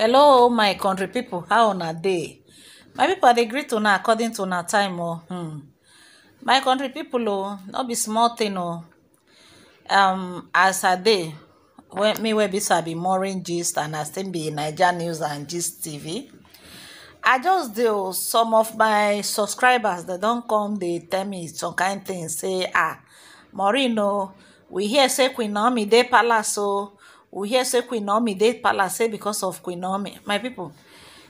hello oh my country people. how una dey my people, i dey greet una according to una time oh hmm my country pipo oh no be small thing oh um as i dey me wey be sabi morning gist and i still be naija news and gist tv i just dey oh some of my subscribers dem don come dey tell me some kind things say ah maureen oh we hear say queen naomi dey palace oh we hear say queen naomi dey palace say because of queen naomi my people.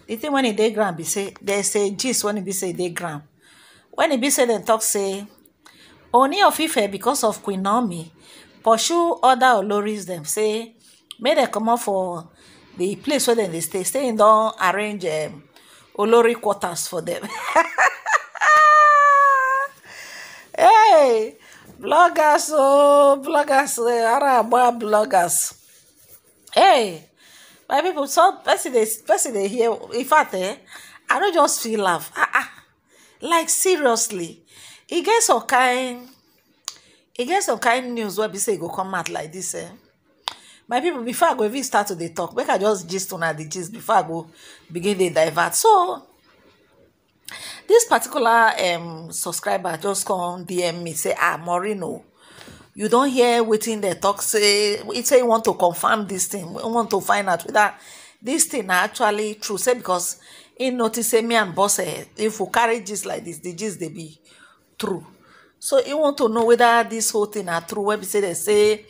The thing when they dey ground be say they say gist when e be say they dey ground wen e be say they talk, say only of ife because of queen naomi pursue other oloris them. say make dem comot for the place where they stay. stay say don't arrange um, olori quarters for them. hey bloggers oh bloggers eh, ara agba bloggers hey my people some person dey person dey hear in fact eh i don't just feel love, ah ah like seriously e gets some kind e gets some kind news where be say e go come out like this, eh my people before i go even start to the talk make i just gist una the gist before i go begin the divert so this particular um subscriber just come dm me say ah maureen oh, you don't hear within the talk say say you want to confirm this thing We want to find out whether this thing actually true say because in notice me and boss eh, if we carry this like this, the gist they be true so you want to know whether this whole thing are true wey we say they say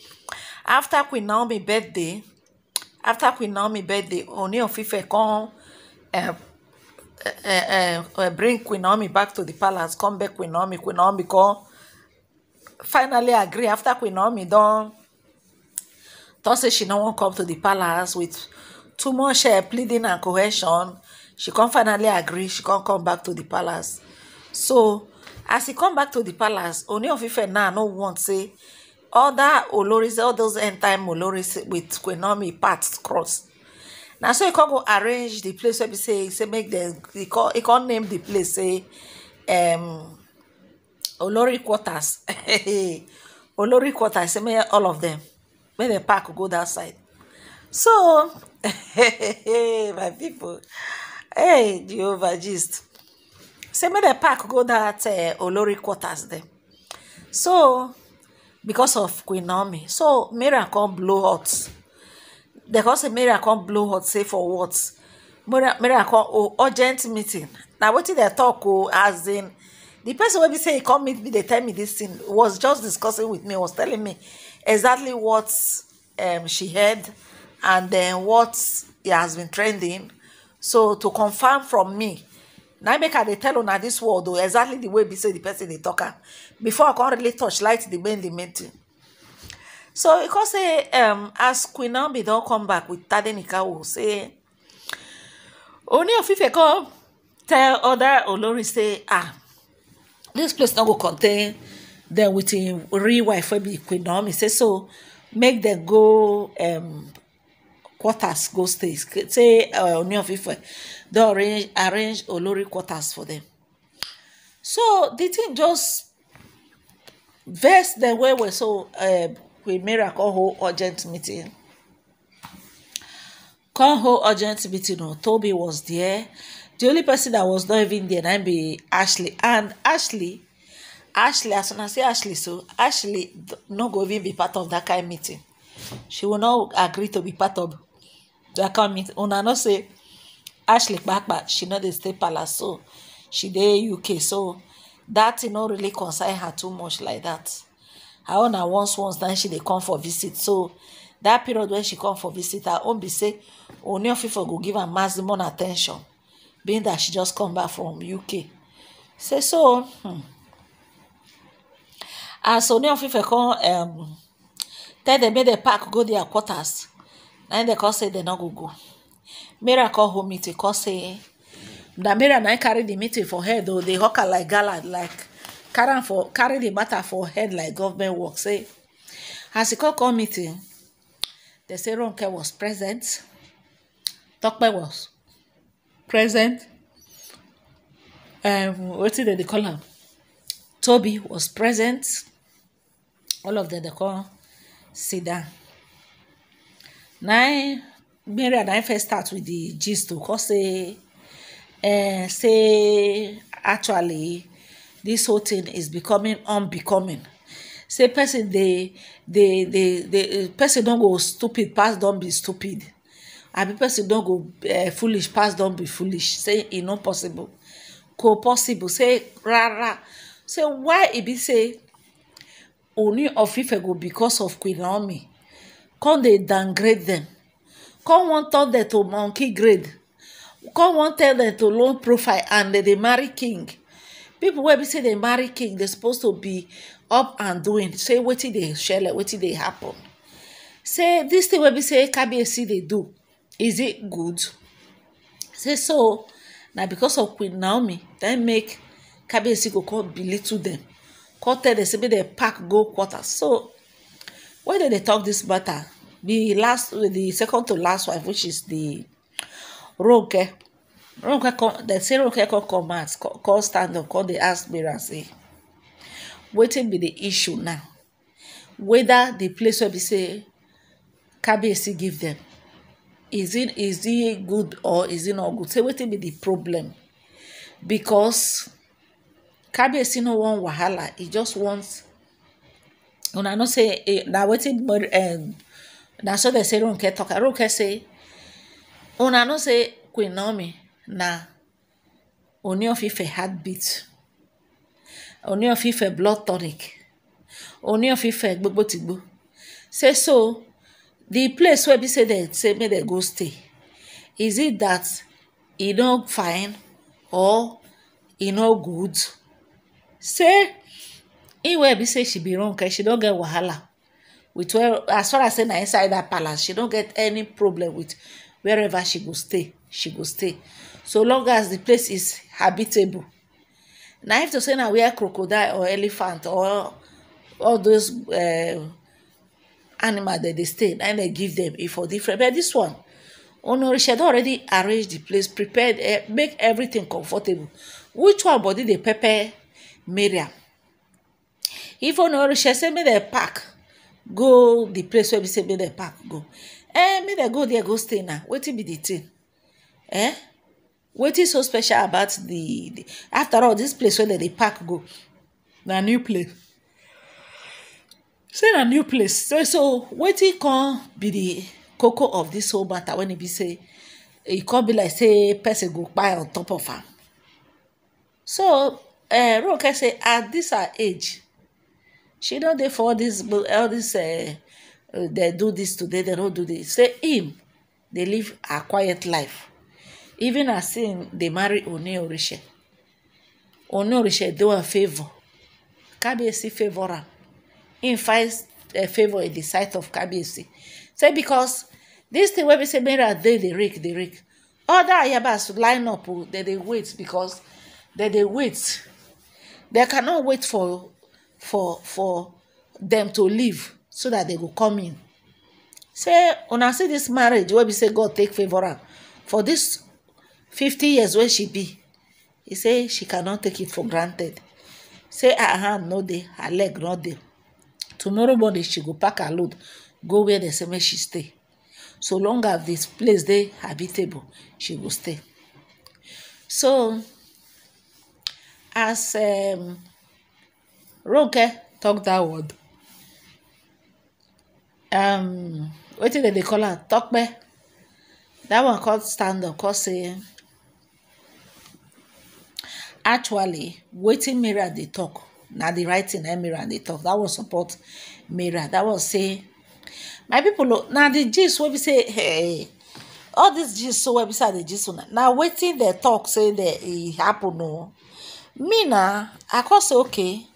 after queen naomi birthday after queen naomi birthday only of ife come eh, eh, bring queen naomi back to the palace come back queen naomi queen naomi come finally agree after queen naomi done, tok say she no won't come to the palace with too much eh, pleading and coercion she come finally agree she come come back to the palace so as e come back to the palace only of ife now no want say all that oloris all those end time oloris with queen naomi paths cross Now so he con go arrange the place where he say say make dem he con e name the place say um olori quarters olori quarters say make all of them, make dem park go that side so my people hey jehovah gist say make dem park go that uh, olori quarters dem so because of queen naomi so mary come blow hot dem come say mary come blow hot say for what mary come oh urgent meeting na wetin they talk o oh, as in The person will be saying he come meet me, they tell me this thing, was just discussing with me, was telling me exactly what um, she heard and then what has been trending. So to confirm from me, now make i they tell una this world though exactly the way be say the person they tok before i can really touch light the main the meeting. so because con say um, as queen don't come back with tadenikawo say only if you come tell or olori say ah This place no go contain them with im real wife wey be queen naomi say so make them go um, quarters go stay say uh, oni of ife They arrange arrange olori quarters for them. so the thing just verse dem well we so um, queen mary come hold urgent meeting come hold urgent meeting o toby was there di only person that was not even there na be ashley and ashley ashley as una say ashley so ashley no go even be part of dat kind meeting she go no agree to be part of dat kind meet una know say ashley kpakpa she no dey stay palace so she dey uk so dat thing no really concern her too much like dat her own na once once dan she dey come for visit so dat period wen she come for visit her own be say only of for go give her maximum attention being that she just come back from UK say so hmm. as Ooni of Ife come um, tell dem make dem pack go their quarters na im dey come say they no go go Mariam come hold meeting come say na Mariam na carry the meeting for head though. dey hawk am like gala like carry am for carry the matter for head like government work say as he come come meeting dem say Ronke was present Tope was present um wetin dem dey call am toby was present all of them dey come sit down na and I first start with the gist o come say uh, say actually this whole thing is becoming unbecoming say person dey dey dey dey person don go stupid pass don be stupid abi person don go eh, foolish pass don be foolish say e no possible co possible say rara say why e be say oni of ife go because of queen naomi come dey downgrade dem come wan turn dem to monkey grade come wan tell dem to low profile and dem dey marry king people wey be say dey marry king dey suppose to be up and doing say wetin dey shele wetin dey happen say dis thing wey be say kabiyesi dey do is it good say so na because of queen naomi dem make kabiyesi go come belittle dem come tell dem say make dem pack go quarter. so when dem dey talk this matter the last the second to last wife which is the ronke ronke come dem say ronke come come out come, come stand up come dey ask Mariam say wetin be the issue now whether the place wey be say kabiyesi give dem is it is it good or is it not good say wetin be the problem because kabiyesi no wan wahala He just want una know say eh, na wetin um, na so dey say ronke talk ronke say una know say queen naomi na oni heartbeat oni of ife blood tonic oni of say so the place where be say they say make they go stay is it that e no fine or e no good say im wey be say she be ronke eh, she don't get wahala with where as far as saying inside that palace she don't get any problem with wherever she go stay she go stay so long as the place is habitable na if to say na where crocodile or elephant or all those uh, animal dem dey stay and im give them. e for different but this one onorisha oh don already arrange the place prepared uh, make everything comfortable which one body they prepare, mariam if onorisha oh send me dem pack go the place where be send me dem pack go eh me they go there go stay na wetin be the thing eh what is so special about the, the after all this place where they pack go na new place say a new place so so he can be the cocoa of this whole matter when he be say e can be like say person go buy on top of her. so I eh, say at this her age she not dey for all this all They eh, eh, do this today do not do this. say him, they live a quiet life even as im they marry oni orishe oni orishe do a favour be a favour am in find uh, eh, favour in the sight of kabiyesi say because this thing where be say mary they the rake dey rake other ayabas line up oh, they they wait because they they wait They cannot wait for for for them to leave so that they will come in say I see this marriage where be say god take favour up for this 50 years where she be He say she cannot take it for granted say her hand no dey her leg no dey tomorrow morning she go pack her load go where dem say make she stay so long as di place dey habitable she go stay so as um, ronke tok dat word um, wetin dem dey call am tokpe That one come stand up come say actually wetin mira dey talk Now the writing na eh, and dey talk that one support Miriam that one say my people no na the Jesus wey be say hey, all this Jesus so wey be say i dey gist una na talk say dey e happen no. me now, i come say okay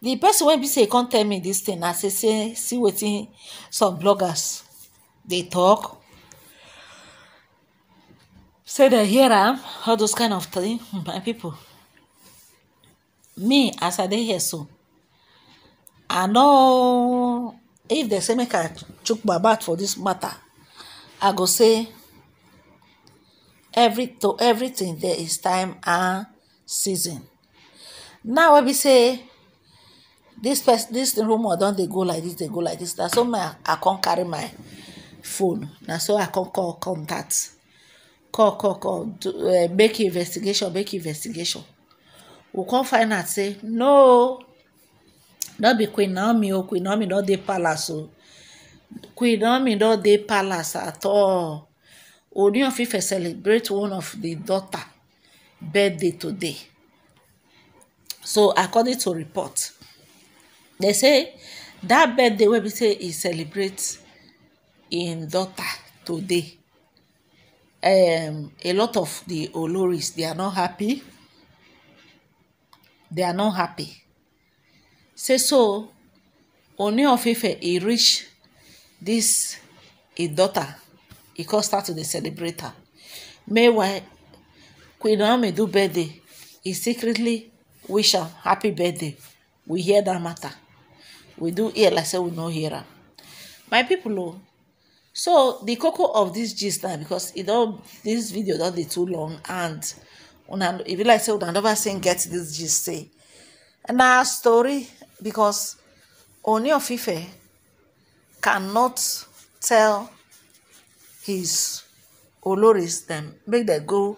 the person wey be say e can't tell me this thing I say say see waiting some bloggers they talk say dem hear am all those kind of thing my people me as i dey here so i no if dem say make i chook my mouth for dis matter i go say every to everything there is time and season now wey be say this person dis rumour don dey go like this? dey go like this. na so my i come carry my phone na so i come call contact call call call eh, make investigation make investigation we come find out say no no be queen naomi o oh, queen naomi no dey palace o oh. queen naomi no dey palace at all Ooni of Ife celebrate one of the daughter birthday today so according to report they say that birthday wey be say he celebrate im daughter today um, a lot of the Oloris they are not happy they are not happy say so only of Ife e reach this e daughter he come start to dey celebrate meanwhile Queen Naomi do birthday He secretly wish her happy birthday we hear that matter we do hear like say we no hear am my people o oh, so the cocoa of this gist now because it all this video don be too long and una e be like say una never say get this gist say na story because oni of ife cannot tell his oloris dem make dem go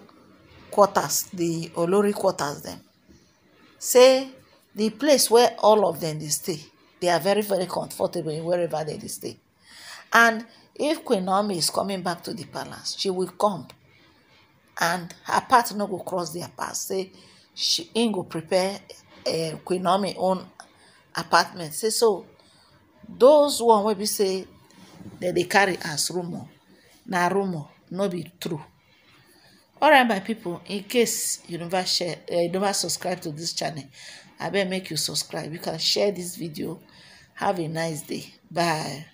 quarters the olori quarters dem say the place where all of them dey stay they are very very comfortable wherever they dey stay and if queen naomi is coming back to the palace she will come and her party no go cross their path say she im go prepare uh, queen naomi own apartment say so those one wey be say dem dey carry as rumour na rumour no be true alright my people. in case you never share uh, you never subscribe to this channel abeg make you subscribe you can share this video have a nice day bye